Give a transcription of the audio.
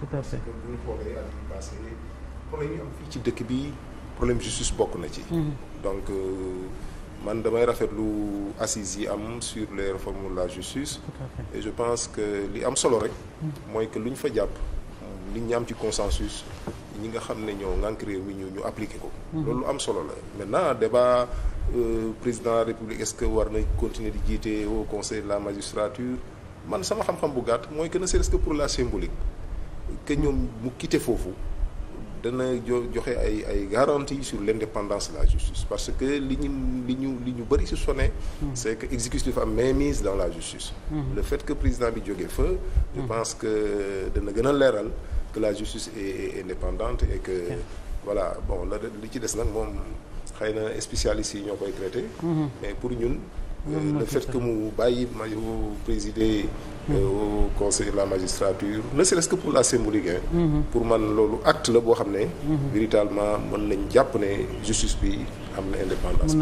tout bu ñu xoolee at yi passé problème yi am ci dëkk bi problème justice bokk na ci. Mhm. donc euh, man damay rafetlu assises yi am sur les réformes de la justice. je pense que li am solo rek. Mhm. mooy que lu ñu fa jàpp li ñu am ci consensus ñi nga xam ne ñoo ngànk réew mi ñu ñu appliqué ko. Mhm. loolu am solo la maintenant débat euh, président de la république est-ce que war na continuer di jiite au conseil de la magistrature man sama xam-xam bu gàtt mooy kën a c'est que pour la symbolique. que ñoom mu quitté foofu dana jo joxe ay ay garanties sur l'indépendance de la justice parce que li ñu li ñu li ñu bëri si sonné. Hmm. c'est que exécutif am mainmise dans la justice. Hmm. le fait que président bi jógee fa. je hmm. pense que dana gën a leeral que la justice est indépendante et que. Okay. voilà bon la li ci des nag moom xëy na spécialistes yi ñoo koy traité. mais pour ñun. Euh, le fait que mu bàyyi ma présider Euh, au conseil de la magistrature ne serait-ce que pour la symbolique hein. Mhm. pour man loolu acte la boo xam ne mhm. véritablement mën nañ jàpp ne justice bi am na indépendance